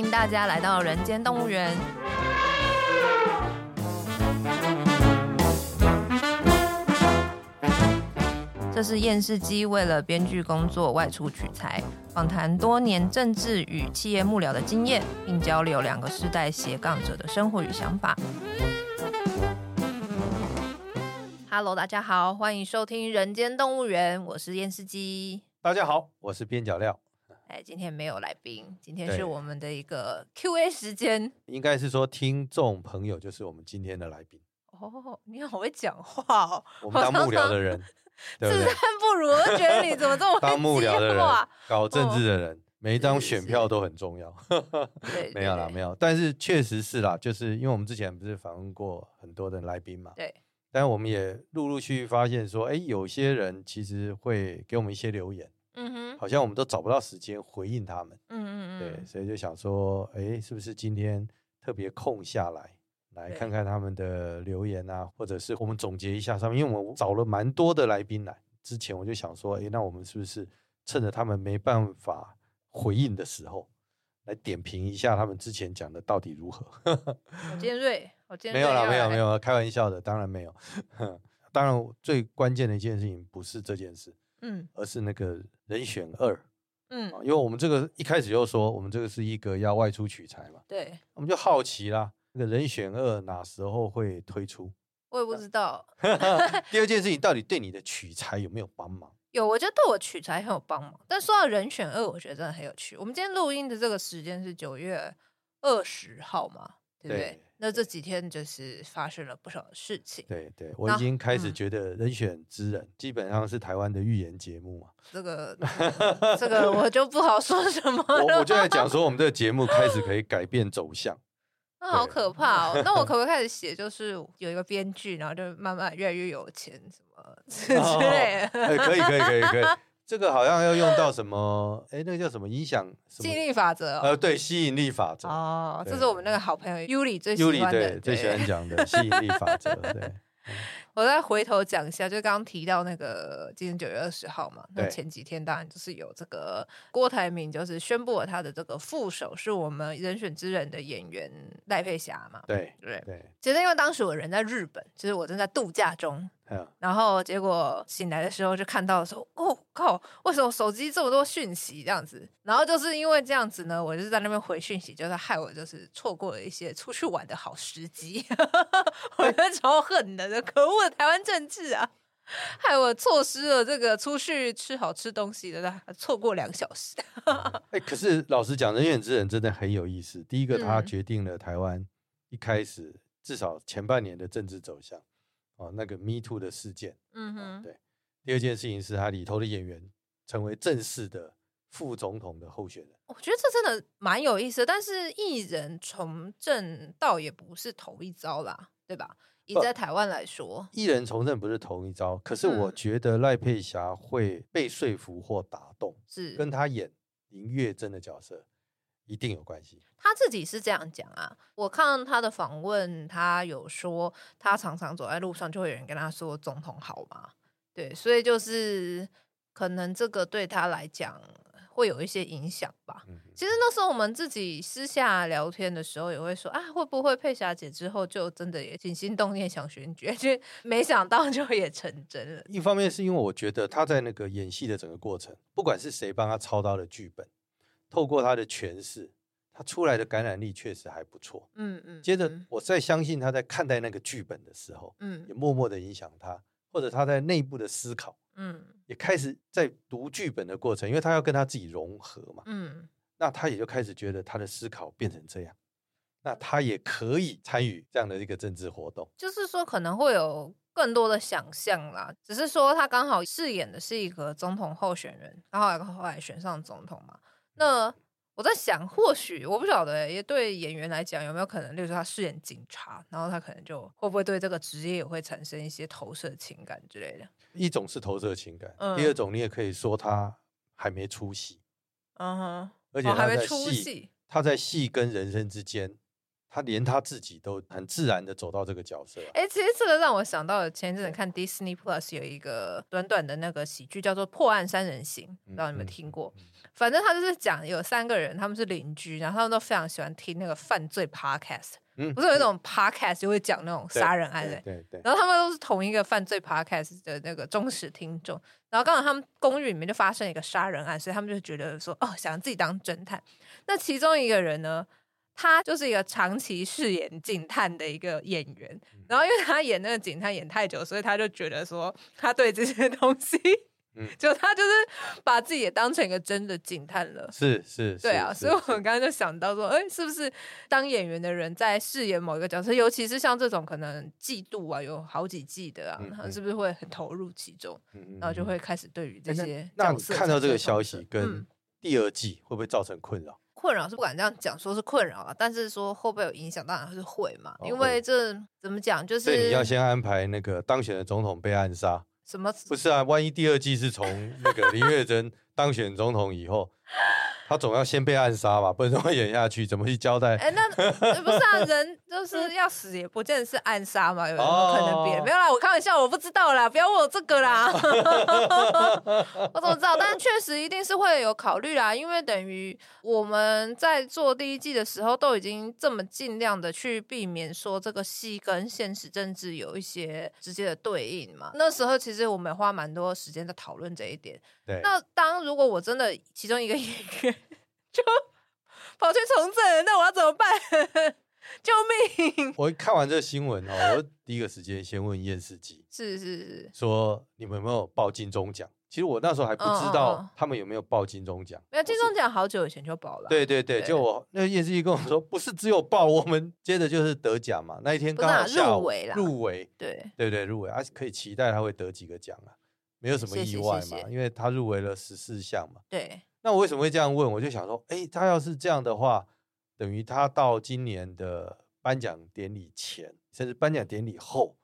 歡迎大家來到《人間動物園》。這是厭世姬為了編劇工作外出取材，訪談多年政治與企業幕僚的經驗，並交流兩個世代斜槓者的生活與想法。Hello，大家好，歡迎收聽《人間動物園》，我是厭世姬。大家好，我是邊角料。哎，今天沒有來賓，今天是我們的一個 QA 時間。應該是說，聽眾朋友就是我們今天的來賓。哦、oh，你好會講話哦！我們當幕僚的人，oh, oh. 對對，自嘆不如。我就覺得你怎麼這麼的 當幕僚的人，oh. 搞政治的人，oh. 每一張選票都很重要。是是是 對對對對。沒有啦，沒有。但是確實是啦，就是因為我們之前不是訪問過很多的來賓嘛。對。但我們也陸陸續續發現說，哎、欸，有些人其實會給我們一些留言。嗯哼，好像我們都找不到時間回應他們。嗯嗯嗯，對，所以就想說，哎，是不是今天特別空下來，Mm-hmm. 來看看他們的留言啊，或者是我們總結一下上面，因為我們找了蠻多的來賓來。之前我就想說，哎，那我們是不是趁着他們沒辦法回應的時候，來點評一下他們之前講的到底如何？ 我尖銳，我尖銳，沒有啦，沒有，沒有，開玩笑的，哎、當然沒有。呵當然，最關鍵的一件事情不是這件事。嗯，而是那個人選二，嗯，啊、因為我們這個一開始就說，我們這個是一個要外出取材嘛，對，我們就好奇啦，那個人選二哪時候會推出？我也不知道。 第二件事情到底對你的取材有沒有幫忙？ 有，我覺得對我取材很有幫忙。但說到人選二，我覺得真的很有趣。我們今天錄音的這個時間是九月二十號嘛。對不對？對，那這幾天就是發生了不少事情。對對，我已經開始覺得《人選之人、嗯》基本上是台灣的預言節目嘛。這個這個， 這個我就不好說什麼了。我我就在講說，我們這個節目開始可以改變走向。 那好可怕！哦！那我可不可以開始寫？就是有一個編劇， 然後就慢慢越來越有錢，什麼之類的、哦。 可以可以可以可以。可以可以。這個好像要用到什麼？哎，那個叫什麼？影響什麼吸引力法則、哦？呃，對，吸引力法則。哦，這是我們那個好朋友 Yuri 最喜歡的對對，最喜歡講的 吸引力法則。對，我再回頭講一下，就剛剛提到那個今天九月二十號嘛，那前幾天當然就是有這個郭台銘，就是宣布了他的這個副手是我們人選之人的演員賴佩霞嘛。對對對。其實因為當時我人在日本，其、就、實、是、我正在度假中。然後結果醒來的時候就看到說，哦，靠，為什麼手機這麼多訊息這樣子？然後就是因為這樣子呢，我就是在那邊回訊息，就是害我就是錯過了一些出去玩的好時機。 我覺得超恨的，這可惡的台灣政治啊，害我錯失了這個出去吃好吃東西的，錯過兩小時。哎 欸，可是老實講，人選之人真的很有意思。第一個，他決定了台灣一開始、嗯、一開始至少前半年的政治走向。啊、哦，那個 Me Too 的事件，哦，嗯哼，對。第二件事情是他裡頭的演員成為正式的副總統的候選人。我覺得這真的蠻有意思的，但是藝人從政倒也不是頭一招啦，對吧？以在台灣來說，藝人從政不是頭一招。可是我覺得賴佩霞會被說服或打動，嗯、是跟她演林月真的角色。一定有關係。他自己是這樣講啊，我看他的訪問，他有說他常常走在路上，就會有人跟他說“總統好”嘛。對，所以就是可能這個對他來講會有一些影響吧。其實那時候我們自己私下聊天的時候，也會說啊，會不會佩霞姐之後就真的也起心動念想選舉，就沒想到就也成真了。一方面是因為我覺得他在那個演戲的整個過程，不管是誰幫他操刀的劇本。透過他的詮釋，他出來的感染力確實還不錯。嗯嗯，接着我再相信他在看待那個劇本的時候，嗯，也默默的影響他，或者他在內部的思考，嗯，也開始在讀劇本的過程，因為他要跟他自己融合嘛，嗯，那他也就開始覺得他的思考變成這樣，那他也可以參與這樣的一個政治活動，就是說可能會有更多的想象啦，只是說他剛好飾演的是一個總統候選人，然後後來選上總統嘛。那我在想，或許我不曉得，也對演員來講，有沒有可能，例如說他飾演警察，然後他可能就會不會對這個職業也會產生一些投射情感之類的。一種是投射情感，嗯，第二種你也可以說他還沒出戲，嗯哼，而且還沒出戲，他在戲跟人生之間。他連他自己都很自然的走到這個角色，啊。哎、欸，其實這個讓我想到了前一陣看 Disney Plus 有一個短短的那個喜劇叫做《破案三人行》，不知道你們聽過，嗯嗯。反正他就是講有三個人他們是鄰居，然後他們都非常喜歡聽那個犯罪 podcast，嗯、不是有一種 podcast 就會講那種殺人案的？對對，對，對。然後他們都是同一個犯罪 podcast 的那個忠實聽眾。然後剛好他們公寓裡面就發生一個殺人案，所以他們就覺得說，哦，想自己當偵探。那其中一個人呢？他就是一個長期飾演警探的一個演員，然後因為他演那個警探演太久，所以他就覺得說他對這些東西，嗯，就他就是把自己也當成一個真的警探了。是是，是，對啊，所以我們剛剛就想到說，哎、欸，是不是當演員的人在飾演某一個角色，尤其是像這種可能季度啊有好幾季的啊，嗯、他是不是會很投入其中，嗯、然後就會開始對於這些、欸，那，那看到這個消息跟第二季會不會造成困擾？嗯困擾是不敢這樣講，說是困擾啊。但是說會不會有影響，當然是會嘛。哦、因為這怎麼講，就是你要先安排那個當選的總統被暗殺，什麼？不是啊，萬一第二季是從那個林月真。 當選總統以後，他總要先被暗殺嘛， 不然怎麼演下去？怎麼去交代？哎、欸，那不是啊， 人就是要死也不見得是暗殺嘛，有什麼可能別人沒有、哦哦哦哦哦、不要啦。我開玩笑，我不知道啦，不要問我這個啦。 我怎麼知道？但確實一定是會有考慮啦，因為等於我們在做第一季的時候都已經這麼盡量的去避免說這個戲跟現實政治有一些直接的對應嘛。那時候其實我們花蠻多時間在討論這一點。那當如果我真的其中一個演員就跑去從政，那我要怎麼辦？ 救命！我一看完這個新聞哦、喔，我第一個時間先問厭世姬，是是是，說你們有沒有報金鐘獎？其實我那時候還不知道他們有沒有報金鐘獎、哦哦哦。沒有金鐘獎，好久以前就報了、啊。對對對，對，對，就我那個厭世姬跟我說， 不是只有報，我們接着就是得獎嘛。那一天剛好入圍了，入圍，對對對入，入圍，而且可以期待他會得幾個獎啊。沒有什麼意外嘛，謝謝，謝謝。因為他入圍了十四項嘛。對。那我為什麼會這樣問？我就想說，哎，他要是這樣的話，等於他到今年的頒獎典禮前，甚至頒獎典禮後，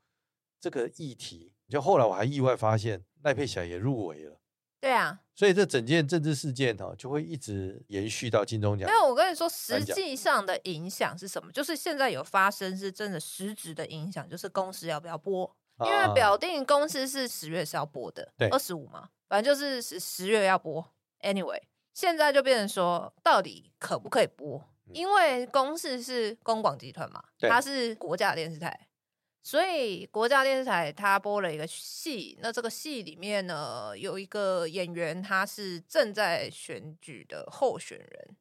這個議題，就後來我還意外發現賴佩霞也入圍了。對啊。所以這整件政治事件哈、啊，就會一直延續到金鐘獎，獎。沒有，我跟你說，實際上的影響是什麼？就是現在有發生是真的實質的影響，就是公司要不要播？因為表定公視是十月是要播的，二十五嘛，反正就是十十月要播。Anyway，現在就變成說，到底可不可以播，嗯？因為公視是公廣集團嘛，它是國家電視台，所以國家電視台它播了一個戲，那這個戲裡面呢，有一個演員他是正在選舉的候選人，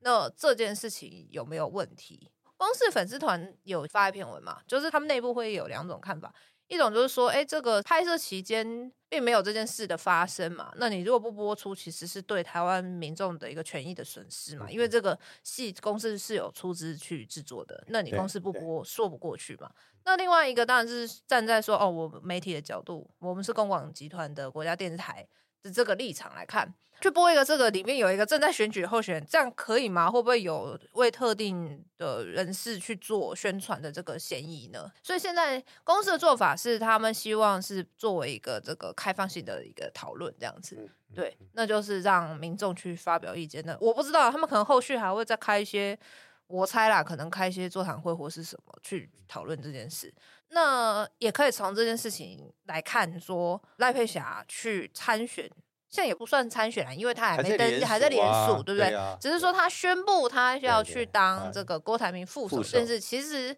那這件事情有沒有問題？公視粉絲團有發一篇文嘛，就是他們內部會有兩種看法。一種就是說，哎、欸，這個拍攝期間並沒有這件事的發生嘛，那你如果不播出，其實是對台灣民眾的一個權益的損失嘛，因為這個戲公司是有出資去制作的，那你公司不播說不過去嘛。那另外一個當然是站在說，哦，我媒體的角度，我們是公廣集團的國家電視台。這個立場來看，去播一個這個裡面有一個正在選舉候選人，這樣可以嗎？會不會有為特定的人士去做宣傳的這個嫌疑呢？所以現在公司的做法是，他們希望是作為一個這個開放性的一個討論，這樣子，對，那就是讓民眾去發表意見的。那我不知道他們可能後續還會再開一些。我猜啦，可能開一些座談會或是什麼去討論這件事。那也可以從這件事情來看，說賴佩霞去參選，現在也不算參選啦、啊，因為他還沒登記，記還是連署、啊、還在連署，對不對，對、啊？只是說他宣布他要去當這個郭台銘副手、嗯，但是其實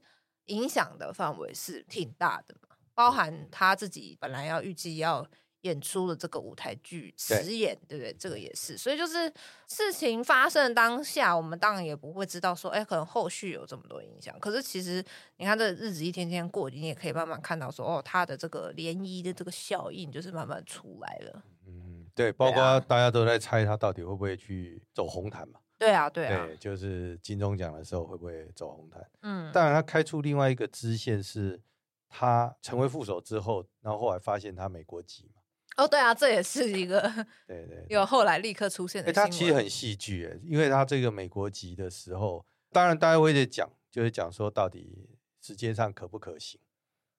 影響的範圍是挺大的、嗯、包含他自己本來要預計要，演出了這個舞台劇實演對，對不對？這個也是，所以就是事情發生的當下，我們當然也不會知道說，哎、欸，可能後續有這麼多影響。可是其實你看，這日子一天天過，你也可以慢慢看到說，哦，他的這個漣漪的這個效應就是慢慢出來了。嗯，對，包括大家都在猜他到底會不會去走紅毯嘛？對啊，對啊。對、啊對，就是金鐘獎的時候會不會走紅毯？嗯，當然他開出另外一個支線是，他成為副手之後，然後後來發現他美國籍嘛。哦、oh，對啊，這也是一個對對，有後來立刻出現的對對對、欸。他其實很戲劇，因為他這個美國籍的時候，當然大家會在講，就是講說到底時間上可不可行？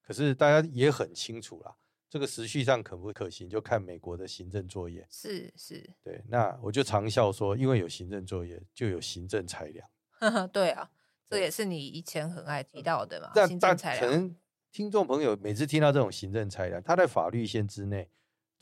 可是大家也很清楚啦，這個時序上可不可行，就看美國的行政作業。是是，對。那我就常笑說，因為有行政作業，就有行政裁量。 對啊，這也是你以前很愛提到的嘛。嗯、行政裁量，但但可能聽眾朋友每次聽到這種行政裁量，他在法律線之內。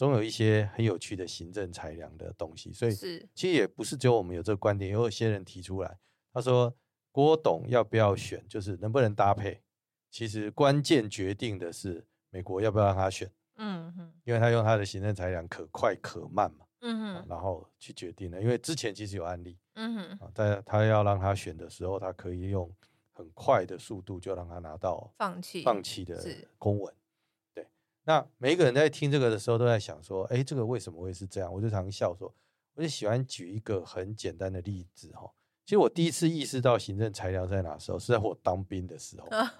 總有一些很有趣的行政裁量的東西，所以其實也不是只有我們有這個觀點，也有一些人提出來，他說郭董要不要選，就是能不能搭配？其實關鍵決定的是美國要不要讓他選，嗯哼，因為他用他的行政裁量可快可慢嘛，嗯哼，然後去決定了，因為之前其實有案例，嗯哼，但他要讓他選的時候，他可以用很快的速度就讓他拿到放棄放棄的公文。那每一個人在聽這個的時候，都在想說：“哎、欸，這個為什麼會是這樣？”我就常笑說，我就喜歡舉一個很簡單的例子哈。其實我第一次意識到行政材料在哪時候，是在我當兵的時候。 啊、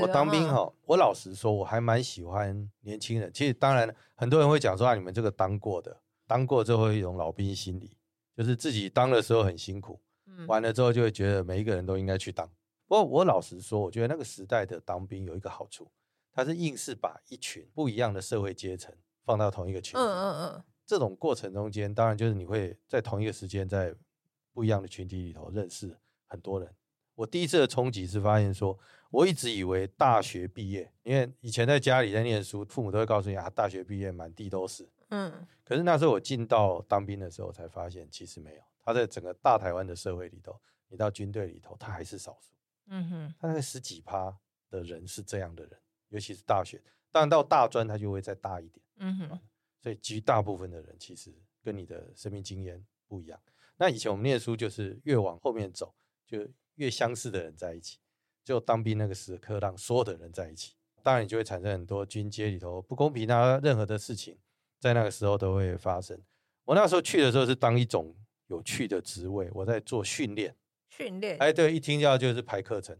我當兵哈，我老實說，我還蠻喜歡年輕人。其實，當然很多人會講說：“啊，你們這個當過的，當過之後有一種老兵心理，就是自己當的時候很辛苦，完了之後就會覺得每一個人都應該去當。”不過，我老實說，我覺得那個時代的當兵有一個好處。他是硬是把一群不一樣的社會階層放到同一個群體，嗯，嗯嗯嗯，這種過程中間，當然就是你會在同一個時間在不一樣的群體裡頭認識很多人。我第一次的衝擊是發現說，說我一直以為大學畢業，因為以前在家裡在念書，父母都會告訴你啊，大學畢業滿地都是，嗯。可是那時候我進到當兵的時候，才發現其實沒有。他在整個大台灣的社會裡頭，你到軍隊裡頭，他還是少數，嗯哼，他大概十幾趴的人是這樣的人。尤其是大學，當然到大專它就會再大一點，嗯哼，所以絕大部分的人其實跟你的生命經驗不一樣。那以前我們念書就是越往後面走就越相似的人在一起，就當兵那個時刻讓所有的人在一起，當然你就會產生很多軍階裡頭不公平啊，任何的事情在那個時候都會發生。我那時候去的時候是當一種有趣的職位，我在做訓練，訓練，哎，對，一聽到就是排課程。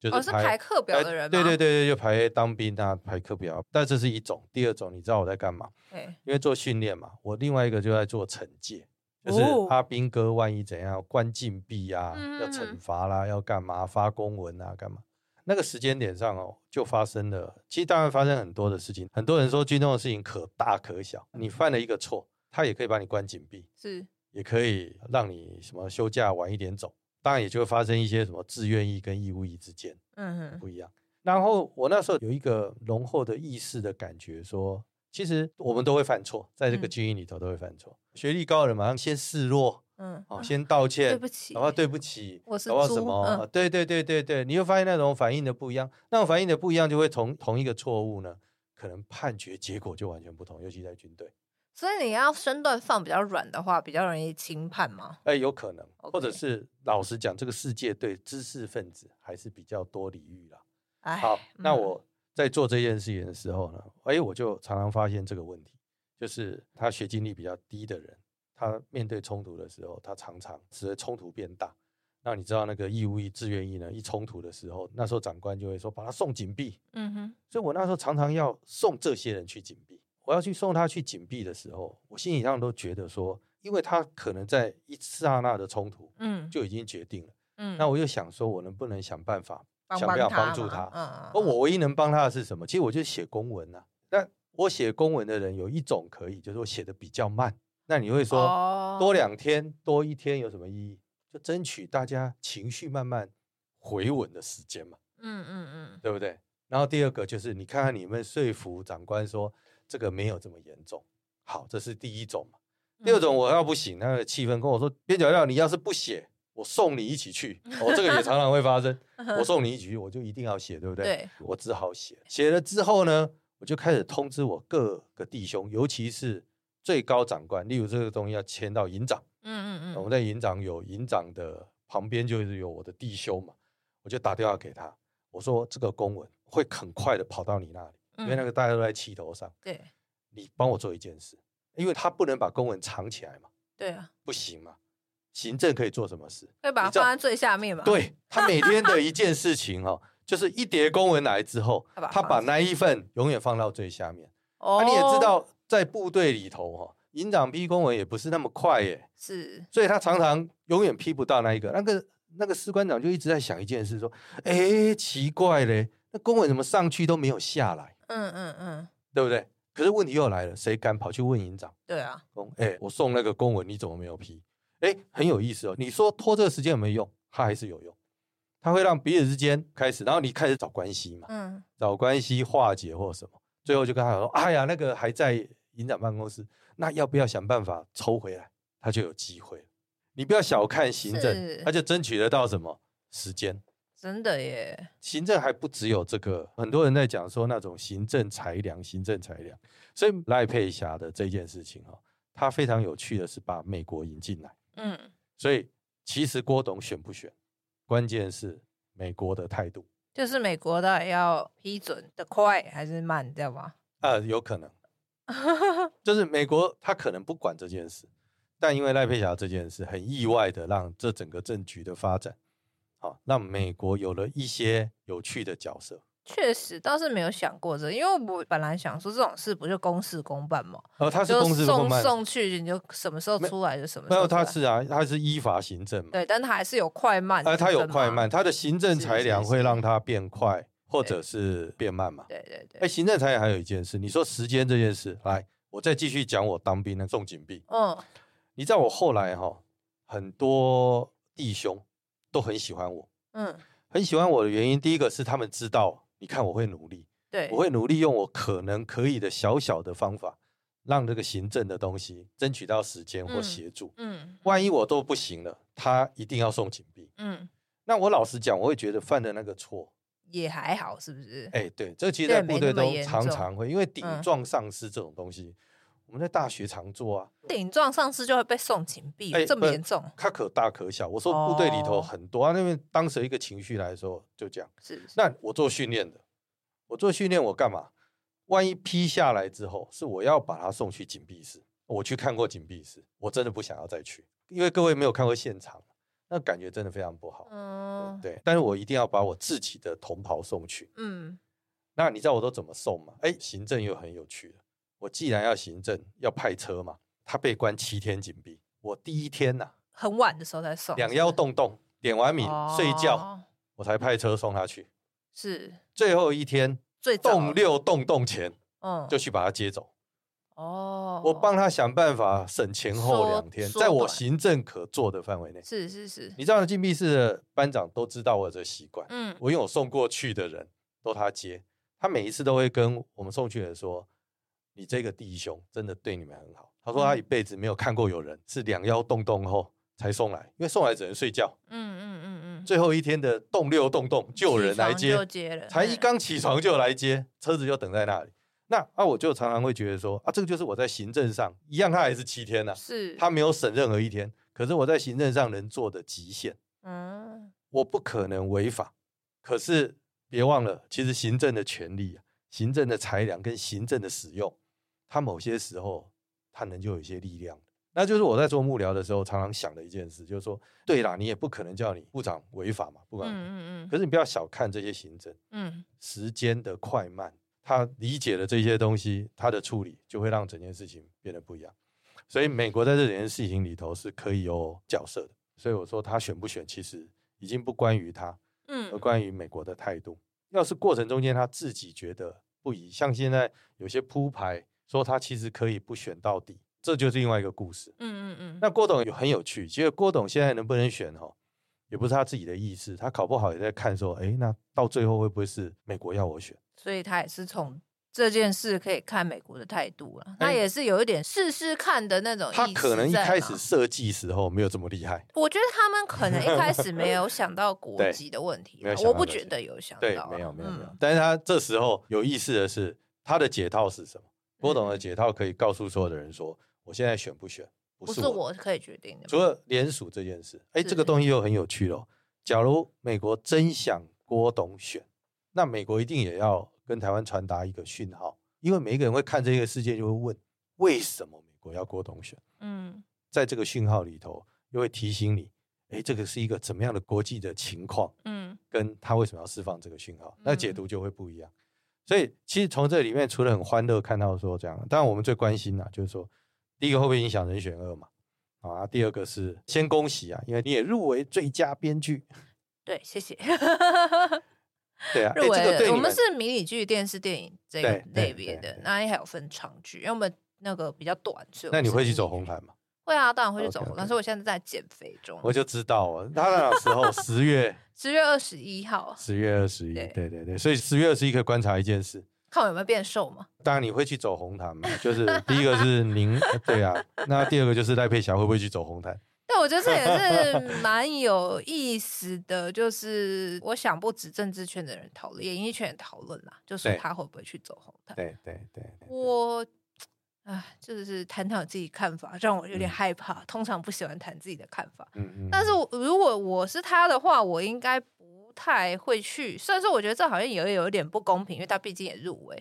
就是排哦，是排課表的人，對對對對，就排當兵啊排課表啊，但這是一種。第二種你知道我在幹嘛？哎，因為做訓練嘛。我另外一個就在做懲戒，就是阿兵哥萬一怎樣關禁閉啊，哦，要懲罰啦，要幹嘛發公文啊，幹嘛。嗯，那個時間點上哦，就發生了。其實當然發生很多的事情。很多人說軍中的事情可大可小，嗯，你犯了一個錯，他也可以把你關禁閉，是也可以讓你什麼休假晚一點走。當然也就會發生一些什麼自願役跟義務役之間嗯哼不一樣。然後我那時候有一個濃厚的意識的感覺說，說其實我們都會犯錯，在這個軍營裡頭都會犯錯。嗯、學歷高的人馬上先示弱，嗯，啊，先道歉，對不起，然後對不起，我是什麼、嗯？對對對對對，你會發現那種反應的不一樣，那種反應的不一樣，就會同同一個錯誤呢，可能判決結果就完全不同，尤其在軍隊。所以你要身段放比較軟的話，比較容易輕判嗎？哎、欸，有可能，okay. 或者是老實講，這個世界對知識分子還是比較多禮遇了。好、嗯，那我在做這件事情的時候呢，哎、欸，我就常常發現這個問題，就是他學經歷比較低的人，他面對衝突的時候，他常常使得衝突變大。那你知道那個義務役、志願役呢？一衝突的時候，那時候長官就會說把他送禁閉。嗯哼，所以我那時候常常要送這些人去禁閉。我要去送他去禁閉的時候，我心理上都覺得說，因為他可能在一剎那的衝突，嗯，就已經決定了，嗯。那我就想說，我能不能想辦法，幫幫想辦法幫助他？嗯嗯。我唯一能幫他的是什麼？其實我就寫公文吶、啊。那我寫公文的人有一種可以，就是我寫的比較慢。那你會說、哦，多兩天、多一天有什麼意義？就爭取大家情緒慢慢回穩的時間嘛。嗯嗯嗯，對不對？然後第二個就是，你看看你們說服長官說。這個沒有這麼嚴重。好，這是第一種。嗯。第二種，我要不行，那個氣氛跟我說：“邊角料，你要是不寫，我送你一起去。”哦，我這個也常常會發生。 我送你一起去，我就一定要寫，對不對？對，我只好寫。寫了之後呢，我就開始通知我各個弟兄，尤其是最高長官。例如這個東西要簽到營長，嗯嗯嗯，我在營長有營長的旁邊，就是有我的弟兄嘛，我就打電話給他，我說：“這個公文會很快的跑到你那裡。”因、嗯、為那個大家都在氣頭上，對，你幫我做一件事，因為他不能把公文藏起來嘛，對啊，不行嘛，行政可以做什麼事？可以把它放在最下面嘛。 對他每天的一件事情哈、哦，就是一疊公文來之後，他把那一份永遠放到最下面。那、哦啊、你也知道，在部隊裡頭哈、哦，營長批公文也不是那麼快耶，是，所以他常常永遠批不到那一個。那個那個士官長就一直在想一件事，說：“哎、欸，奇怪嘞，那公文怎麼上去都沒有下來？”嗯嗯嗯，對不對？可是問題又來了，誰敢跑去問營長？對啊，哎、欸，我送那個公文你怎麼沒有批？哎、欸，很有意思哦。你說拖這個時間有沒有用？他還是有用，他會讓彼此之間開始，然後你開始找關係嘛、嗯。找關係化解或什麼，最後就跟他說：哎呀，那個還在營長辦公室，那要不要想辦法抽回來？他就有機會了。你不要小看行政，他就爭取得到什麼？時間。真的耶！行政還不只有這個，很多人在講說那種行政裁量，行政裁量。所以賴佩霞的這件事情哈、哦，他非常有趣的是把美國引進來。嗯，所以其實郭董選不選，關鍵是美國的態度。就是美國的要批准的快還是慢，知道嗎？啊、呃，有可能。 就是美國他可能不管這件事，但因為賴佩霞這件事，很意外的讓這整個政局的發展。好、哦，那美國有了一些有趣的角色，確實倒是沒有想過這個，因為我本來想說這種事不就公事公辦嘛呃，他是公事公辦，送,送去你就什麼時候出來就什麼時候。沒有，他是啊，他是依法行政嘛。對，但他還是有快慢。哎、呃，他有快慢，他的行政裁量會讓他變快是是是是，或者是變慢嘛？對對對,對。哎、欸，行政裁量還有一件事，你說時間這件事，來，我再繼續講我當兵的送禁閉。嗯，你知道我後來哈、哦，很多弟兄。都很喜歡我，嗯，很喜歡我的原因，第一個是他們知道，你看我會努力，對，我會努力用我可能可以的小小的方法，讓這個行政的東西爭取到時間或協助，嗯，嗯萬一我都不行了，他一定要送禁閉，嗯，那我老實講，我會覺得犯的那個錯也還好，是不是？哎、欸，對，這其實在部隊中常常會，因為頂撞上司這種東西。嗯我們在大學常做啊，頂撞上司就會被送禁閉、欸，這麼嚴重？他可大可小。我說部隊裡頭很多、哦、啊，那邊當時一個情緒來的時候就這樣，是，是。那我做訓練的，我做訓練我幹嘛？萬一批下來之後，是我要把他送去禁閉室。我去看過禁閉室，我真的不想要再去，因為各位沒有看過現場，那感覺真的非常不好。嗯，對。對，但是我一定要把我自己的同袍送去。嗯，那你知道我都怎麼送嗎？哎、欸，行政又很有趣的。我既然要行政，要派車嘛，他被關七天禁閉，我第一天吶、啊，很晚的時候才送，兩腰洞洞，點完名睡覺、哦，我才派車送他去。是最後一天，最洞六洞洞前、嗯，就去把他接走。哦，我幫他想辦法省前後兩天，在我行政可做的範圍內。是是是，你知道禁閉室的班長都知道我有這個習慣，嗯，我因為我送過去的人都他接，他每一次都會跟我們送去的人說。你這個弟兄真的對你們很好。他說他一輩子沒有看過有人是兩腰洞洞後才送來，因為送來只能睡覺。嗯嗯嗯嗯。最後一天的洞六洞洞就有人來接，才一剛起床就來接，車子就等在那裡。那啊，我就常常會覺得說啊，這個就是我在行政上一樣，他還是七天吶，是他沒有省任何一天。可是我在行政上能做的極限，嗯，我不可能違法。可是別忘了，其實行政的權利啊，行政的裁量跟行政的使用，他某些時候，他能就有一些力量。那就是我在做幕僚的時候，常常想的一件事，就是說，對啦，你也不可能叫你部長違法嘛，不管，嗯嗯嗯，可是你不要小看這些行政，嗯、時間的快慢，他理解了這些東西，他的處理就會讓整件事情變得不一樣。所以美國在這件事情裡頭是可以有角色的。所以我說他選不選，其實已經不關於他，而關於美國的態度嗯嗯。要是過程中間他自己覺得不宜，像現在有些鋪排。說他其實可以不選到底，這就是另外一個故事。嗯嗯嗯。那郭董也很有趣，其實郭董現在能不能選哈、哦，也不是他自己的意思，他考不好也在看說，哎，那到最後會不會是美國要我選？所以他也是從這件事可以看美國的態度了。他也是有一點試試看的那種。他可能一開始設計時候沒有這麼厲害。我覺得他們可能一開始沒有想到國籍的問題 的，我不覺得有想到、啊。對，沒有沒有沒有。但是他這時候有意思的是，他的解套是什麼？郭董的解套可以告訴所有的人說、嗯：“我現在選不選，不是我,不是我可以決定的。”除了聯署這件事，哎、欸，這個東西又很有趣了。假如美國真想郭董選，那美國一定也要跟台灣傳達一個訊號，因為每一個人會看這個事件就會問：為什麼美國要郭董選？嗯，在這個訊號裡頭，又會提醒你：哎、欸，這個是一個怎麼樣的國際的情況？嗯，跟他為什麼要釋放這個訊號，那解讀就會不一樣。嗯所以其實從這裡面，除了很歡樂看到說這樣，當然我們最關心的、啊、就是說，第一個會不會影響人選二嘛？啊，第二個是先恭喜啊，因為你也入圍最佳編劇。對，謝謝。 對啊，入圍、欸這個、我們是迷你劇、電視電影這個類別的，對對對對，那你還有分長劇，因為我們那個比較短，所以你那你會去走紅毯嗎？會啊，當然會去走紅毯。可、okay, 是、okay. 我現在在減肥中。我就知道啊。他那時候十月，十 月二十一號，十月二十一，對對對。所以十月二十一可以觀察一件事，看我有沒有變瘦嘛？當然你會去走紅毯嘛？就是第一個是您， 對啊。那第二個就是賴佩霞會不會去走紅毯？但我覺得這也是蠻有意思的， 就是我想不止政治圈的人討論， 演藝圈也討、討論啦，就是他會不會去走紅毯？對對對、對、對，我。啊，就是談談我自己看法，讓我有點害怕。嗯、通常不喜歡談自己的看法，嗯嗯、但是如果我是他的話，我應該不太會去。雖然說我覺得這好像也有一點不公平，因為他畢竟也入圍。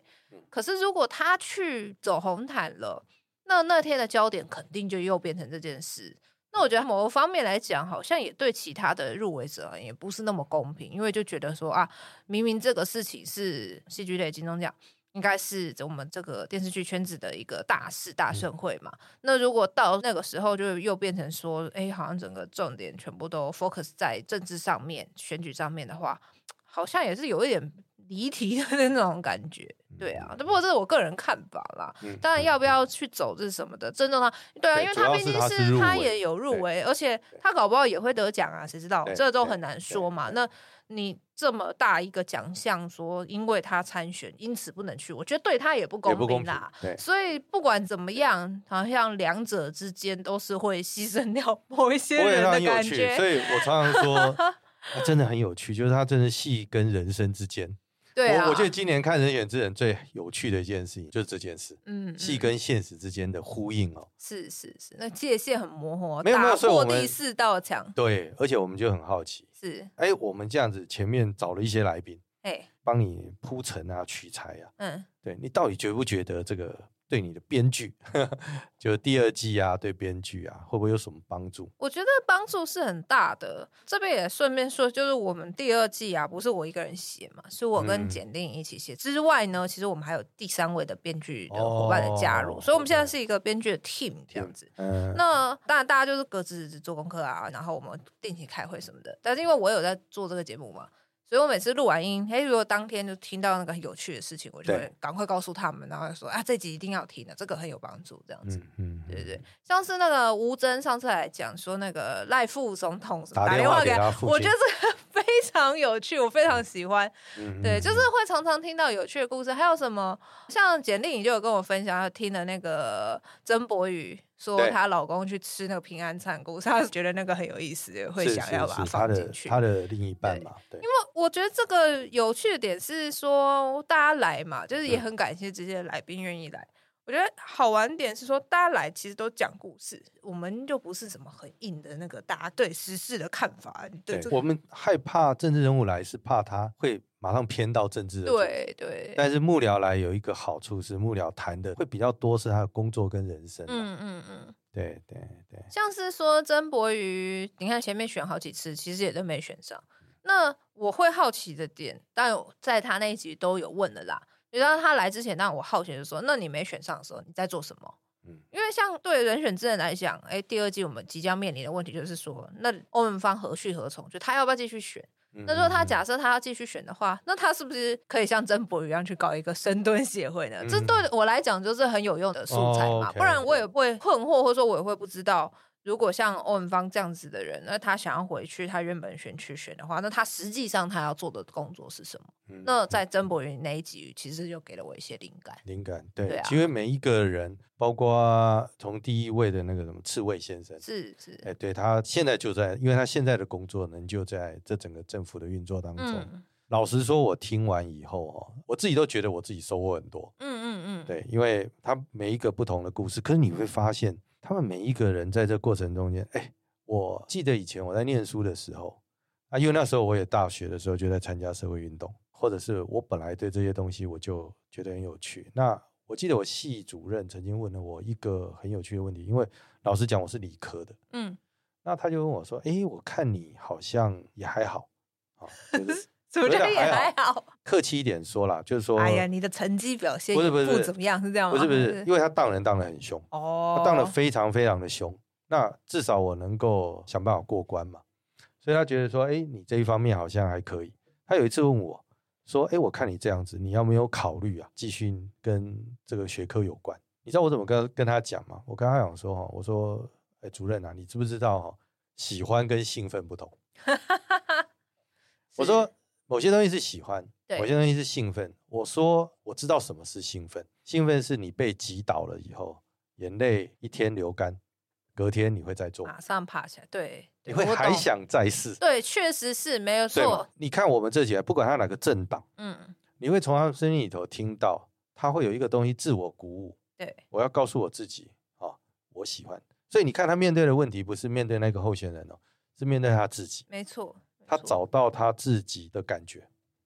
可是如果他去走紅毯了，那那天的焦點肯定就又變成這件事。那我覺得某個方面來講，好像也對其他的入圍者也不是那麼公平，因為就覺得說啊，明明這個事情是戲劇類金鐘獎。應該是我們這個電視劇圈子的一個大事、大盛會嘛。那如果到那個時候，就又變成說，哎、欸，好像整個重點全部都 focus 在政治上面，選舉上面的話，好像也是有一點。離題的那種感覺，對啊，不過這是我個人看法啦。嗯，當然，要不要去走這是什麼的，嗯，尊重他。對啊，對，因為他畢竟是，是，他，是他也有入圍，而且他搞不好也會得獎啊，誰知道？這都很難說嘛。那你這麼大一個獎項，說因為他參選，因此不能去，我覺得對他也不公平啦。平，所以不管怎麼樣，好像兩者之間都是會犧牲掉某一些人的感覺。他很有趣，所以，我常常說， 他真的很有趣，就是他真的戲跟人生之間。對啊、我我覺得今年看人選之人最有趣的一件事情就是這件事，嗯，戲跟現實之間的呼應哦，是是是，那界限很模糊、哦，沒有沒有，所以我們第四道牆，對，而且我們就很好奇，是，哎，我們這樣子前面找了一些來賓，哎，幫你鋪陳啊，取材啊，嗯，對你到底覺不覺得這個？對你的編劇， 就是第二季啊，對編劇啊，會不會有什麼幫助？我覺得幫助是很大的。這邊也順便說，就是我們第二季啊，不是我一個人寫嘛，是我跟簡莉穎一起寫，嗯。之外呢，其實我們還有第三位的編劇的夥伴的加入，哦，所以我們現在是一個編劇的 team 這樣子。嗯、那當然，大家就是各自做功課啊，然後我們定期開會什麼的。但是因為我有在做這個節目嘛。所以，我每次錄完音，誒，如果當天就聽到那個很有趣的事情，我就會趕快告訴他們，然後說啊，這一集一定要聽的、啊，這個很有幫助，這樣子。嗯，嗯對，對對。像是那個吳征上次來講說那個賴副總統打電話給他，給他父我覺得這個。 非常有趣，我非常喜歡、嗯。對，就是會常常聽到有趣的故事。還有什麼？像簡莉穎就有跟我分享，她聽的那個曾博宇說她老公去吃那個平安餐故事，她是覺得那個很有意思，會想要把它放進去。是是是，他的，他的另一半嘛，對，對。因為我覺得這個有趣的點是說，大家來嘛，就是也很感謝這些來賓願意來。嗯我覺得好玩點是說，大家來其實都講故事，我們就不是什麼很硬的那個大家對時事的看法。對，對，我們害怕政治人物來是怕他會馬上偏到政治。對對。但是幕僚來有一個好處是，幕僚談的會比較多是他的工作跟人生。嗯嗯嗯。對對對。像是說曾柏瑜，你看前面選好幾次，其實也都沒選上。嗯、那我會好奇的點，但在他那一集都有問了啦。你知道他來之前，那我好奇就是說：“那你沒選上的時候，你在做什麼？”嗯、因為像對人選之人來講，哎、欸，第二季我們即將面臨的問題就是說，那翁文方何去何從？就他要不要繼續選？嗯嗯嗯，那如果他假設他要繼續選的話，那他是不是可以像曾柏瑜一樣去搞一個深蹲協會呢、嗯？這對我來講就是很有用的素材嘛，哦、okay, okay. 不然我也會困惑，或者說我也會不知道。如果像歐文芳這樣子的人，那他想要回去，他原本選去選的話，那他實際上他要做的工作是什麼？嗯、那在曾博雲那一集，其實就給了我一些靈感。靈感對，因為、啊、每一個人，包括從第一位的那個什麼刺蝟先生，是是，哎、欸，對他現在就在，因為他現在的工作呢，就在這整個政府的運作當中、嗯。老實說，我聽完以後哦，我自己都覺得我自己收穫很多。嗯嗯嗯，對，因為他每一個不同的故事，可是你會發現。嗯他們每一個人在這過程中間，哎、欸，我記得以前我在念書的時候，啊，因為那時候我也大學的時候就在參加社會運動，或者是我本來對這些東西我就覺得很有趣。那我記得我系主任曾經問了我一個很有趣的問題，因為老實講我是理科的，嗯，那他就問我說，哎、欸，我看你好像也還好，啊、哦。就是 主任也還好， 客氣一點說啦，就是說，哎呀，你的成績表現不，不是不是不怎麼樣，是這樣嗎？不是不是，是，因為他當人當的很凶、哦、他當的非常非常的兇。那至少我能夠想辦法過關嘛，所以他覺得說，哎，你這一方面好像還可以。他有一次問我，說，哎，我看你這樣子，你要沒有考慮啊，繼續跟這個學科有關？你知道我怎麼跟跟他講嗎？我跟他講說，哈，我說，哎，主任啊，你知不知道，哈，喜歡跟興奮不同？我說。 某些東西是喜歡，對，某些東西是興奮。我說我知道什麼是興奮，興奮是你被擊倒了以後，眼淚一天流乾、嗯，隔天你會再做，馬上爬起來，對，對你會還想再試，對，確實是沒有錯。你看我們這幾年，不管他哪個政黨，嗯，你會從他的聲音裡頭聽到，他會有一個東西自我鼓舞，對，我要告訴我自己，哦、喔，我喜歡。所以你看他面對的問題，不是面對那個候選人哦、喔，是面對他自己，沒錯。他找到他自己的感覺，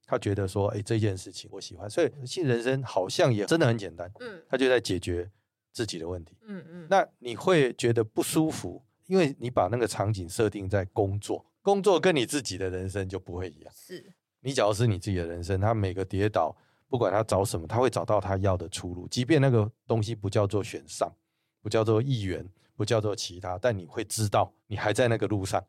他覺得說：“哎、欸，這件事情我喜歡。”所以，其人生好像也真的很簡單。嗯，他就在解決自己的問題。嗯嗯。那你會覺得不舒服，因為你把那個場景設定在工作，工作跟你自己的人生就不會一樣。是你假如是你自己的人生，他每個跌倒，不管他找什麼，他會找到他要的出路。即便那個東西不叫做選上，不叫做議員，不叫做其他，但你會知道，你還在那個路上。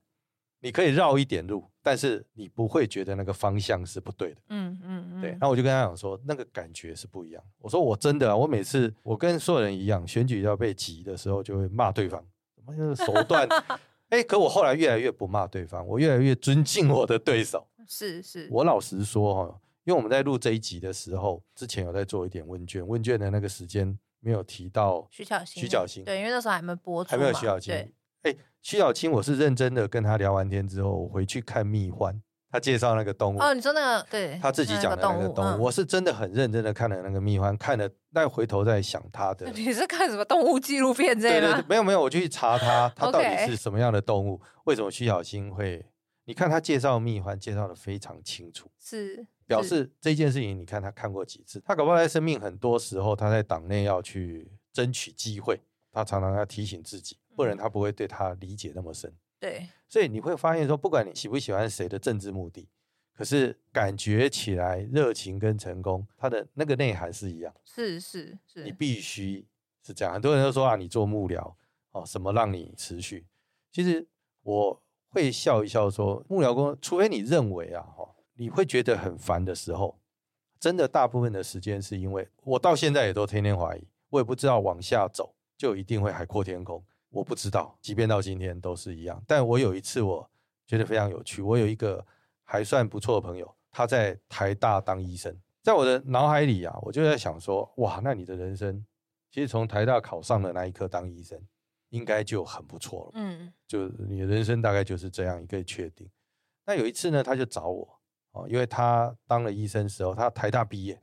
你可以繞一點路，但是你不會覺得那個方向是不對的。嗯嗯嗯。對，然後我就跟他講說，那個感覺是不一樣。我說我真的、啊，我每次我跟所有人一樣，選舉要被擠的時候，就會罵對方什麼手段。哎、 欸，可我後來越來越不罵對方，我越來越尊敬我的對手。是是，我老實說哈、哦，因為我們在錄這一集的時候，之前有在做一點問卷，問卷的那個時間沒有提到徐巧芯，徐巧芯對，因為那時候還沒播出，還沒有徐巧芯對。哎、欸，徐小青，我是認真的。跟他聊完天之後，我回去看蜜獾，他介紹那個動物。哦，你說那個，對他自己講的那個、嗯、那個動物，我是真的很認真的看了那個蜜獾，看了再回頭再想他的。你是看什麼動物紀錄片這樣？對，對對，沒有沒有，我去查他，他到底是什麼樣的動物？ okay、為什麼徐小青會？你看他介紹蜜獾，介紹得非常清楚，是表示這件事情，你看他看過幾次？他搞不好在生命很多時候，他在黨內要去爭取機會，他常常要提醒自己。不然他不會對他理解那麼深。對，所以你會發現說，不管你喜不喜歡誰的政治目的，可是感覺起來熱情跟成功，它的那個內涵是一樣。是是是，你必須是這樣。很多人都說啊，你做幕僚哦，什麼讓你持續？其實我會笑一笑說，幕僚工，除非你認為啊，哈，你會覺得很煩的時候，真的大部分的時間是因為我到現在也都天天懷疑，我也不知道往下走就一定會海闊天空。我不知道，即便到今天都是一樣。但我有一次，我覺得非常有趣。我有一個還算不錯的朋友，他在台大當醫生。在我的腦海裡啊，我就在想說，哇，那你的人生，其實從台大考上的那一刻當醫生，應該就很不錯了。嗯，就你的人生大概就是這樣一個確定。那有一次呢，他就找我，哦，因為他當了醫生時候，他台大畢業，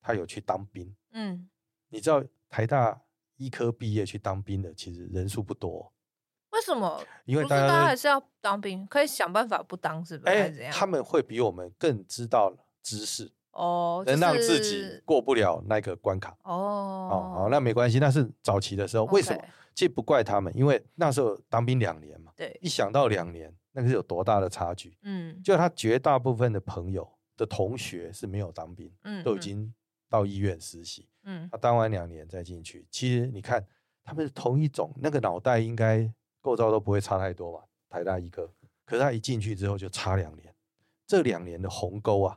他有去當兵。嗯，你知道台大。醫科畢業去當兵的，其實人數不多、喔。為什麼？因為當然大家還是要當兵，可以想辦法不當，是不是、欸、是他們會比我們更知道知識哦、就是，能讓自己過不了那個關卡哦。哦，那沒關係。那是早期的時候，哦、為什麼？這、okay、不怪他們，因為那時候當兵兩年嘛。對。一想到兩年，那個是有多大的差距？嗯，就他絕大部分的朋友的同學是沒有當兵，嗯，嗯，都已經。到醫院實習，他當完兩年再進去、嗯。其實你看，他們是同一種，那個腦袋應該構造都不會差太多吧。台大一個，可是他一進去之後就差兩年，這兩年的鴻溝啊，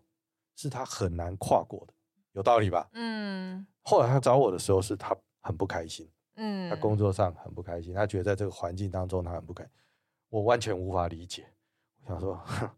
是他很難跨過的，有道理吧？嗯。後來他找我的時候，是他很不開心、嗯，他工作上很不開心，他覺得在這個環境當中他很不開心，我完全無法理解。我想說，哼。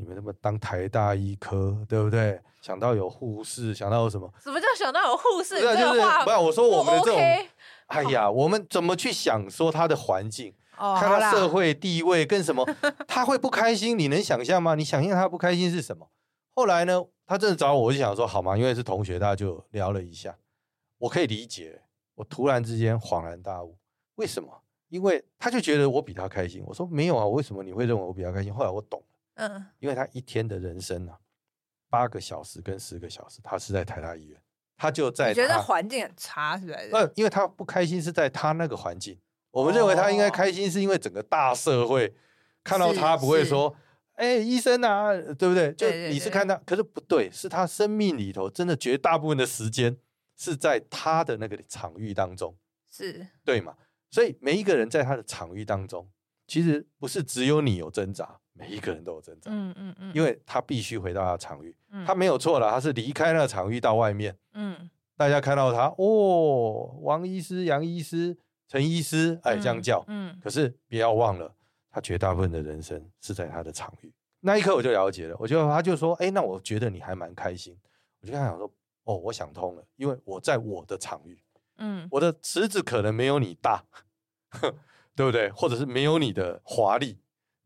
你們那麼當台大醫科，對不對？想到有護士，想到有什麼？什麼叫想到有護士？對就是。不是，我說我們的這種。OK? 哎呀，我們怎麼去想說他的環境、oh, 看他的社會地位跟什麼？他會不開心？你能想象嗎？ 你想象他不開心是什麼？後來呢，他真的找我，我就想說，好嗎？因為是同學，大家就聊了一下。我可以理解。我突然之間恍然大悟，為什麼？因為他就覺得我比他開心。我說沒有啊，為什麼你會認為我比他開心？後來我懂。嗯，因為他一天的人生呢，啊，八個小時跟十個小時，他是在台大醫院，他就在他你覺得環境很差，是不是，呃？因為他不開心是在他那個環境，我們認為他應該開心，是因為整個大社會看到他不會說，哎，欸，醫生啊，對不對？就你是看他，可是不對，是他生命裡頭真的絕大部分的時間是在他的那個場域當中，是對嘛？所以每一個人在他的場域當中，其實不是只有你有掙扎。每一個人都有增長，嗯嗯嗯，因為他必須回到他的場域，嗯、他沒有錯了，他是離開那個場域到外面，嗯，大家看到他，哦，王醫師、楊醫師、陳醫師，哎，這樣叫嗯，嗯，可是不要忘了，他絕大部分的人生是在他的場域。那一刻我就了解了，我就他就說，哎、欸，那我覺得你還蠻開心，我就在想說，哦，我想通了，因為我在我的場域，嗯，我的池子可能沒有你大， 對不對？或者是沒有你的華麗。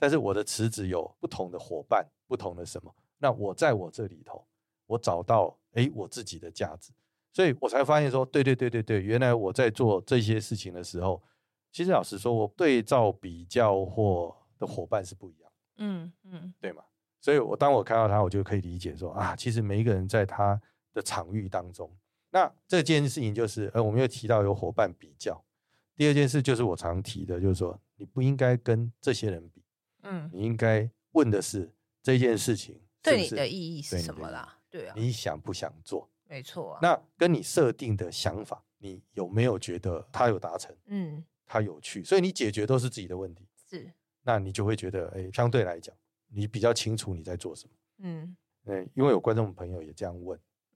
但是我的池子有不同的夥伴，不同的什麼？那我在我這裡頭，我找到哎，我自己的價值，所以我才發現說，對對對對對，原來我在做這些事情的時候，其實老實說，我對照比較或的夥伴是不一樣的，嗯嗯，對嘛？所以，我當我看到他，我就可以理解說啊，其實每一個人在他的場域當中，那這件事情就是，呃，我們又提到有夥伴比較，第二件事就是我常提的，就是說你不應該跟這些人比。嗯，你應該問的是這件事情是不是對你的意義是什麼啦，對？對啊，你想不想做？沒錯、啊。那跟你設定的想法，你有沒有覺得它有達成？嗯，它有趣，所以你解決都是自己的問題。是，那你就會覺得，哎、欸，相對來講，你比較清楚你在做什麼。嗯、欸，因為有觀眾朋友也這樣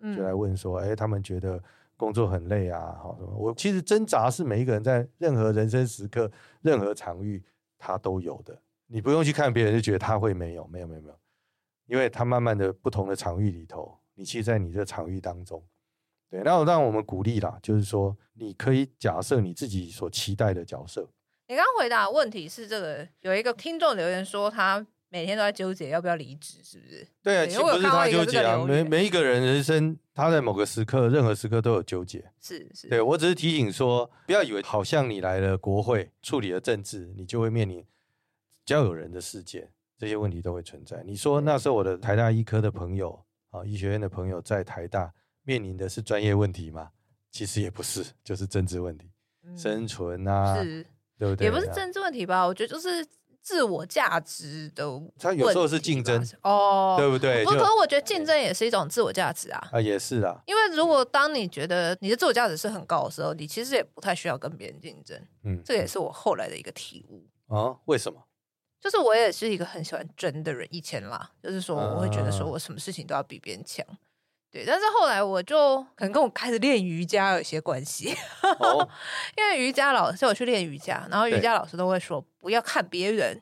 問，就來問說，哎、嗯、欸，他們覺得工作很累啊，什麼？我其實掙扎是每一個人在任何人生時刻、任何場域，他都有的。你不用去看別人，就覺得他會沒有沒有沒有沒有，因為他慢慢的不同的場域裡頭，你其實，在你這場域當中，對，那我讓我們鼓勵啦，就是說你可以假設你自己所期待的角色。你剛回答的問題是這個，有一個聽眾留言說他每天都在糾結要不要離職，是不是？對啊，其實不是他糾結啊。每每一個人人生，他在某個時刻，任何時刻都有糾結。是是，對我只是提醒說，不要以為好像你來了國會處理了政治，你就會面臨。比較有人的世界，這些問題都會存在。你說那時候我的台大醫科的朋友、嗯、啊，醫學院的朋友在台大面臨的是專業問題嗎？其實也不是，就是政治問題，嗯、生存啊，是對不對、啊？也不是政治問題吧？我覺得就是自我價值的。他有時候是競爭哦，哦，對不對？可可我覺得競爭也是一種自我價值啊。啊，也是啊。因為如果當你覺得你的自我價值是很高的時候，你其實也不太需要跟別人競爭。嗯，這也是我後來的一個體悟、嗯、啊。為什麼？就是我也是一個很喜歡爭的人，以前啦，就是說我會覺得說我什麼事情都要比別人強、嗯，對。但是後來我就可能跟我開始練瑜伽有些關係，哦、 因為瑜伽老師我去練瑜伽，然後瑜伽老師都會說不要看別人，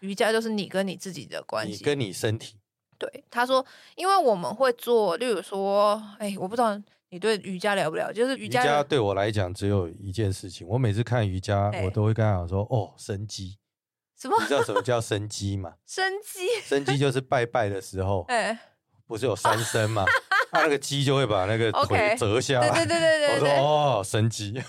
瑜伽就是你跟你自己的關係，你跟你身體。對，他說，因為我們會做，例如說，哎，我不知道你對瑜伽了不了，就是瑜伽，瑜伽對我來講只有一件事情，我每次看瑜伽，哎、我都會跟他講說，哦，神機。什麼，你知道什麼叫生雞嗎？生雞，生雞就是拜拜的時候，哎，不是有三牲嗎？他，、啊啊、那個雞就會把那個腿折下來 okay，對對對對對。對對對對，我說哦，生雞。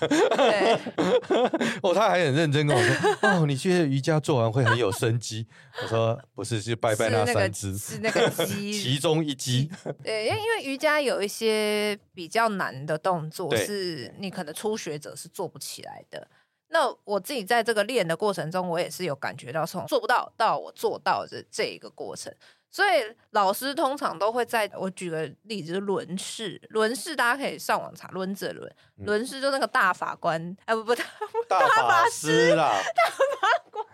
哦，他還很認真跟我說哦，你覺得瑜伽做完會很有生機？ 我說不是，就拜拜三隻是那三、個、只，是那個雞， 其中一雞。對，因因為瑜伽有一些比較難的動作，是你可能初學者是做不起來的。那我自己在這個練的過程中，我也是有感覺到從做不到到我做到的這這一個過程。所以老師通常都會在我舉個例子，輪式，輪式大家可以上網查，輪子輪輪式就那個大法官，嗯、哎不不大法師，大法師啦，大法官。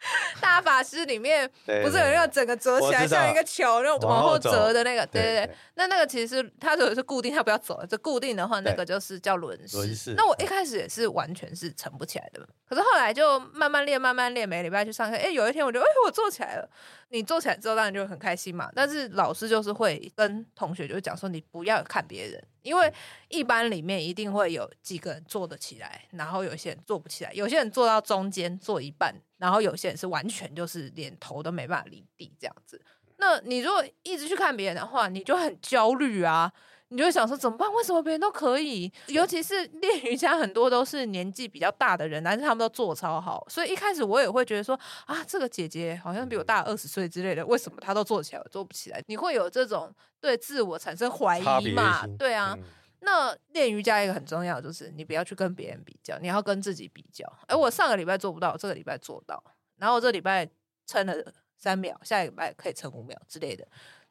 大法師裡面不是有那整個折起來像一個球？對對，那種往後折的那個，對對對，對，對，對，對，對，對對對。那那個其實他走的是固定，他不要走了，這固定的話，那個就是叫輪式，式。那我一開始也是完全是撐不起來的嘛，可是後來就慢慢練，慢慢練，每禮拜去上課。哎、欸，有一天我就，哎、欸，我坐起來了。你做起來之後，當然就會很開心嘛。但是老師就是會跟同學就講說，你不要看別人，因為一班裡面一定會有幾個人做得起來，然後有些人做不起來，有些人做到中間做一半，然後有些人是完全就是連頭都沒辦法離地這樣子。那你如果一直去看別人的話，你就很焦慮啊。你就會想說怎麼辦？為什麼別人都可以？尤其是練瑜伽，很多都是年紀比較大的人，但是他們都做超好。所以一開始我也會覺得說啊，這個姐姐好像比我大二十歲之類的，為什麼她都做起來，我做不起來？你會有這種對自我產生懷疑嘛？對啊。嗯、那練瑜伽一個很重要就是你不要去跟別人比較，你要跟自己比較。哎，我上個禮拜做不到，這個禮拜做到，然後這個禮拜撐了三秒，下一個禮拜可以撐五秒之類的。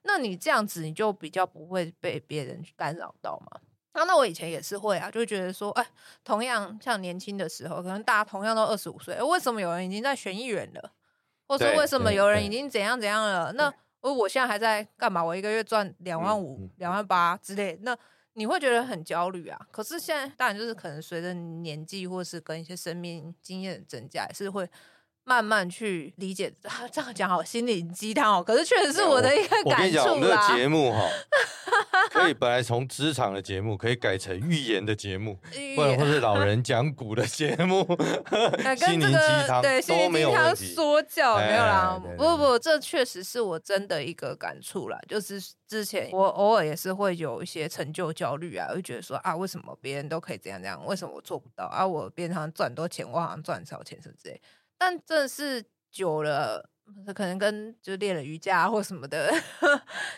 那你這樣子，你就比較不會被別人干擾到嗎？啊，那我以前也是會啊，就覺得說，哎、欸，同樣像年輕的時候，可能大家同樣都二十五歲，為什麼有人已經在選議員了，或是為什麼有人已經怎樣怎樣了？那我現在還在幹嘛？我一個月賺兩萬五、嗯、兩萬八之類，那你會覺得很焦慮啊？可是現在當然就是可能隨着年紀或是跟一些生命經驗的增加，也是會。慢慢去理解，啊、這樣講好心靈雞湯哦。可是確實是我的一個感受啦我。我跟你講，我們這節目哈、哦， 可以本來從職場的節目可以改成寓言的節目，或者或是老人講古的節目， 心，靈這個、心靈雞湯，對都沒有問題，說教、哎、沒有啦，對對對不不，不不，這確實是我真的一個感觸了。就是之前我偶爾也是會有一些成就焦慮啊，會覺得說啊，為什麼別人都可以這樣這樣，為什麼我做不到啊？我平常賺多錢，我好像賺很少錢，是這類。但真的是久了，可能跟就練了瑜伽，或什麼的，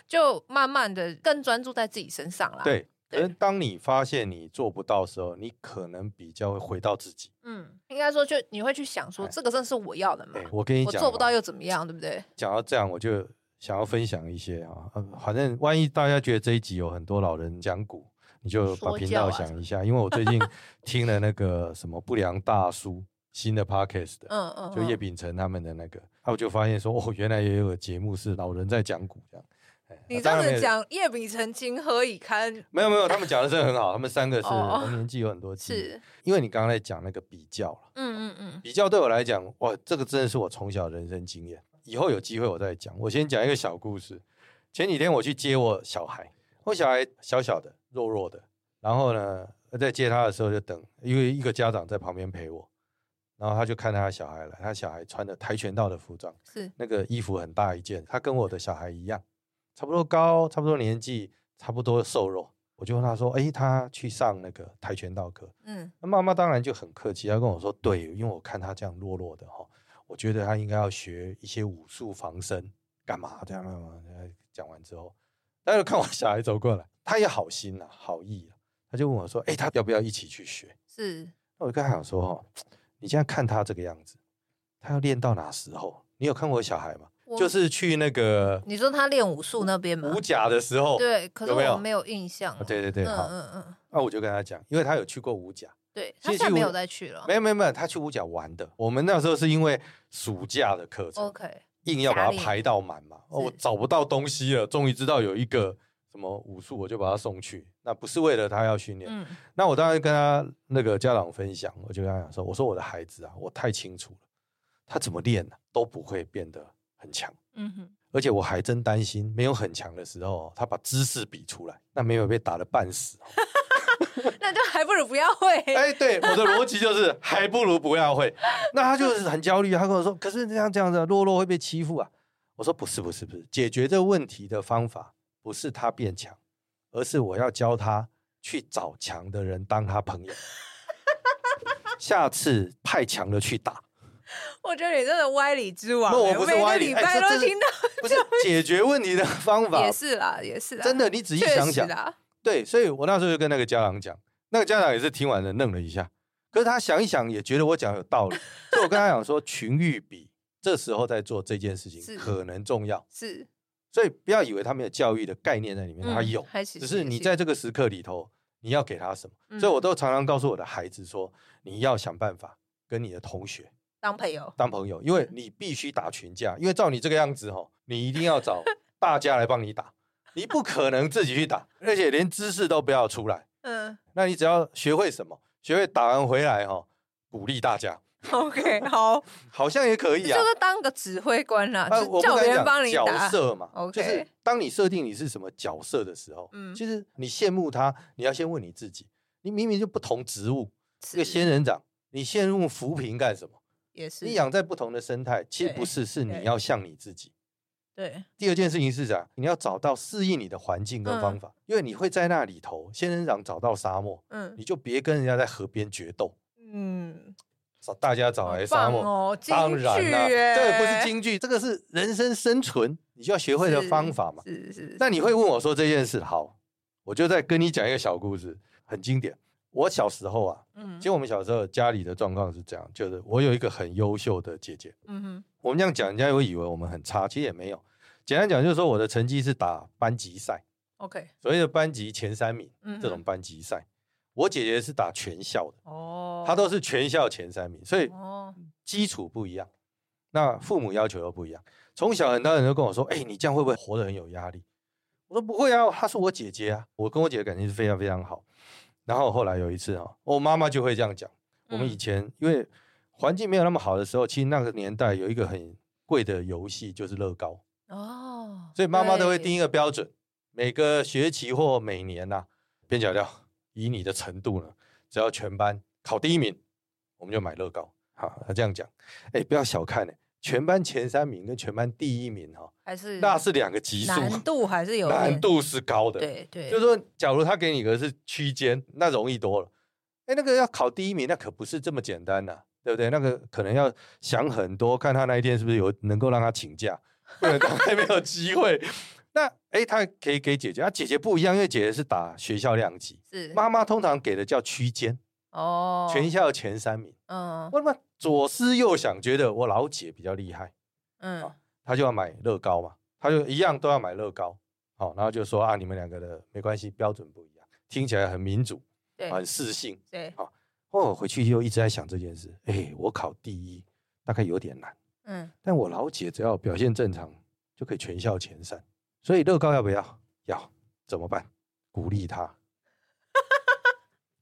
就慢慢的更專注在自己身上了。對，對，可是當你發現你做不到的時候，你可能比較會回到自己。嗯，應該說，就你會去想說，哎，這個真的是我要的嗎？哎？我跟你講，做不到又怎麼樣，對不對？講到這樣，我就想要分享一些啊，反正萬一大家覺得這一集有很多老人講古，你就把頻道想一下，啊、因為我最近聽了那個什麼不良大叔。 新的 Podcast 嗯嗯，就葉秉成他們的那個，他、嗯、們、嗯、就發現說，哦，原來也有節目是老人在講古這樣。你這麼講，葉秉成情何以堪？沒有沒有，他們講的真的很好，他們三個是、哦、年紀有很多經歷。因為你剛剛在講那個比較嗯嗯嗯，比較對我來講，哇，這個真的是我從小人生經驗。以後有機會我再講，我先講一個小故事。前幾天我去接我小孩，我小孩小小的、弱弱的，然後呢，在接他的時候就等，因為一個家長在旁邊陪我。然後他就看他小孩了，他小孩穿的跆拳道的服裝，是那個衣服很大一件。他跟我的小孩一樣，差不多高，差不多年紀，差不多瘦弱。我就問他說：“哎、欸，他去上那個跆拳道課？”嗯，那媽媽當然就很客氣，他跟我說：“對，因為我看他這樣弱弱的哈，我覺得他應該要學一些武術防身，幹嘛這樣嘛？”講完之後，他就看我小孩走過來，他也好心啊，好意啊，他就問我說：“哎、欸，他要不要一起去學？”是，那我就跟他講說：“哈。”你現在看他這個樣子，他要練到哪時候？你有看過我小孩嗎？就是去那個，你說他練武術那邊嗎？武甲的時候，對，可是我沒有印象有沒有。對對對，嗯嗯嗯。那我就跟他講，因為他有去過武甲，對，他現在沒有再去了。沒有沒有沒有，他去武甲玩的。我們那時候是因為暑假的課程，OK，硬要把它排到滿嘛。哦，我找不到東西了，終於知道有一個什麼武術，我就把他送去。那不是為了他要訓練、嗯。那我當時跟他那個家長分享，我就跟他講說：“我說我的孩子啊，我太清楚了，他怎麼練、啊、都不會變得很強、嗯。而且我還真擔心，沒有很強的時候，他把姿勢比出來，那沒有被打得半死。 那就還不如不要會。哎、 欸，對，我的邏輯就是 還不如不要會。那他就是很焦慮，他跟我說：“可是這樣這樣子，洛洛會被欺負啊。”我說：“不是，不是，不是，解決這問題的方法不是他變強。”而是我要教他去找強的人當他朋友， 下次派強的去打。我覺得你真的歪理之王。欸我不是歪理沒，欸，我每個禮拜都聽到。不是解決問題的方法，也是啦，也是啦。真的，你仔細想想。對，所以我那時候就跟那個家長講，那個家長也是聽完了愣了一下，可是他想一想也覺得我講有道理， 所以我跟他講說，群育比這時候在做這件事情可能重要是。是所以不要以為他沒有教育的概念在裡面，嗯、他有，只是你在這個時刻裡頭，嗯、你要給他什麼、嗯？所以我都常常告訴我的孩子說，你要想辦法跟你的同學當朋友，當朋友，因為你必須打群架、嗯，因為照你這個樣子哈、喔，你一定要找大家來幫你打， 你不可能自己去打，而且連姿勢都不要出來，嗯，那你只要學會什麼，學會打完回來哈、喔，鼓勵大家。 OK，好， 好像也可以啊，這就是當個指揮官啊，啊叫別人幫你角色嘛。OK，就是當你設定你是什麼角色的時候，嗯，其、就、實、是、你羨慕他，你要先問你自己，你明明就不同植物，這個仙人掌，你羨慕浮萍幹什麼？也是，你養在不同的生態，其實不是，是你要像你自己對。對。第二件事情是啥？你要找到適應你的環境跟方法，嗯，因為你會在那裡頭，仙人掌找到沙漠，嗯，你就別跟人家在河邊決鬥，嗯。大家找來沙漠，哦，當然啦，啊，這不是金句，這個是人生生存，你就要學會的方法嘛。是是，是。那你會問我說這件事，好，我就再跟你講一個小故事，很經典。我小時候啊，嗯，其實我們小時候家裡的狀況是這樣，就是我有一個很優秀的姐姐，嗯哼，我們這樣講，人家會以為我們很差，其實也沒有。簡單講就是說，我的成績是打班級賽，OK，所謂的班級前三名，嗯、這種班級賽。我姐姐是打全校的，哦，她都是全校前三名，所以基礎不一樣，oh. 那父母要求又不一樣。從小很多人都跟我說：“哎、欸，你這樣會不會活得很有壓力？”我說：“不會啊，她是我姐姐啊，我跟我姐的感情是非常非常好。”然後後來有一次啊、喔，我媽媽就會這樣講、嗯：“我們以前因為環境沒有那麼好的時候，其實那個年代有一個很貴的遊戲就是樂高哦，oh. 所以媽媽都會定一個標準，每個學期或每年吶、啊，邊角料。”以你的程度呢，只要全班考第一名，我們就買樂高。好，他這樣講，哎、欸，不要小看呢、欸，全班前三名跟全班第一名、喔，哈，還是那是兩個級數，難度還是有難度是高的，對對。就是說，假如他給你的是區間，那容易多了。哎、欸，那個要考第一名，那可不是這麼簡單的、啊，對不對？那個可能要想很多，看他那一天是不是有能夠讓他請假，他還沒有機會。 那哎，他可以給姐姐，啊，姐姐不一樣，因為姐姐是打學校量級，是媽媽通常給的叫區間哦，全校前三名，嗯，為什麼？左思右想，覺得我老姐比較厲害，嗯、啊，他就要買樂高嘛，他就一樣都要買樂高，好、啊，然後就說啊，你們兩個的沒關係，標準不一樣，聽起來很民主，對，啊、很適性，對，好、啊，哦，後來我回去又一直在想這件事，哎，我考第一大概有點難，嗯，但我老姐只要表現正常就可以全校前三。所以樂高要不要？要怎麼辦？鼓勵他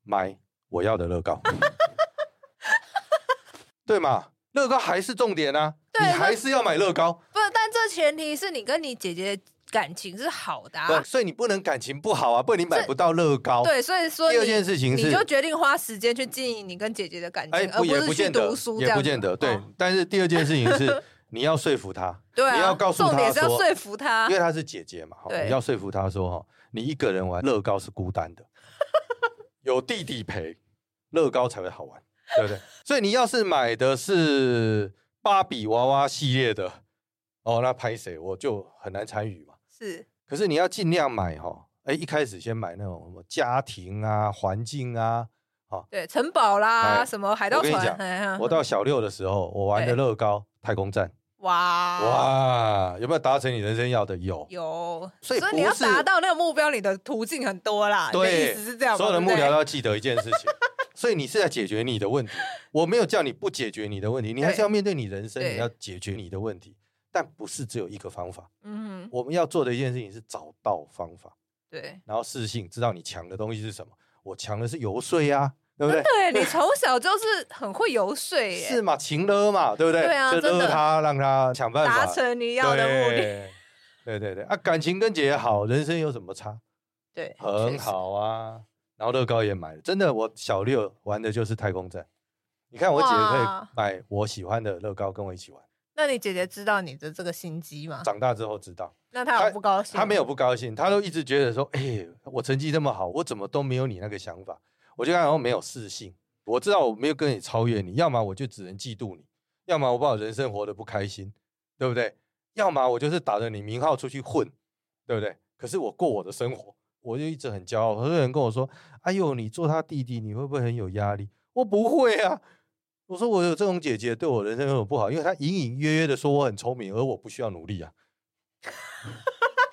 買我要的樂高 對嘛，對嗎？樂高還是重點啊！對，你還是要買樂高。不是，但這前提是你跟你姐姐的感情是好的啊。對。所以你不能感情不好啊，不然你買不到樂高。對，所以說第二件事情，你就決定花時間去經營你跟姐姐的感情，哎、不，而不是去讀書。也不見得，也不見得對、哦，但是第二件事情是。 你要說服他，啊、你要告訴他說重點是要說服他，因為他是姐姐嘛，你要說服他說你一個人玩樂高是孤單的， 有弟弟陪，樂高才會好玩，對不對？ 所以你要是買的是芭比娃娃系列的，哦，那抱歉，我就很難參與嘛。是，可是你要盡量買哈，哎，一開始先買那種什麼家庭啊、環境啊，好、哦，對，城堡啦，什麼海盜船。我， 我到小六的時候，我玩的樂高太空站。哇哇，有沒有達成你人生要的？有有所，所以你要達到那個目標，你的途徑很多啦。對，的是這樣。所有的幕僚要記得一件事情， 所以你是在解決你的問題。 我沒有叫你不解決你的問題，你還是要面對你人生，你要解決你的問題。但不是只有一個方法。嗯，我們要做的一件事情是找到方法。對，然後試性知道你強的東西是什麼。我強的是游說啊。對不對，真的？你從小就是很會遊說， 是嘛？情勒嘛，對不對？對啊，就樂真的，他讓他想辦法達成你要的目的對。對對對，啊，感情跟姐姐好，人生有什麼差？對，很好啊。然後樂高也買了，真的，我小六玩的就是太空站。你看，我姐姐可以買我喜歡的樂高跟我一起玩。那你姐姐知道你的這個心機嗎？長大之後知道。那她有不高興？她沒有不高興，她都一直覺得說：“哎，我成績這麼好，我怎麼都沒有你那個想法。”我就看，然說，沒有自信，我知道我沒有跟你超越你，要麼我就只能嫉妒你，要麼我把我人生活得不開心，對不對？要麼我就是打着你名號出去混，對不對？可是我過我的生活，我就一直很驕傲。很多人跟我說：“哎呦，你做他弟弟，你會不會很有壓力？”我不會啊！我說我有這種姐姐，對我人生有什麼不好？因為她隱隱約約的說我很聰明，而我不需要努力啊，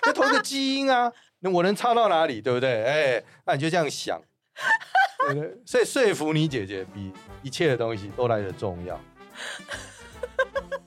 就同個基因啊，那我能差到哪裡？對不對？哎，那你就這樣想。 所以說服你姐姐，比一切的東西都來得重要。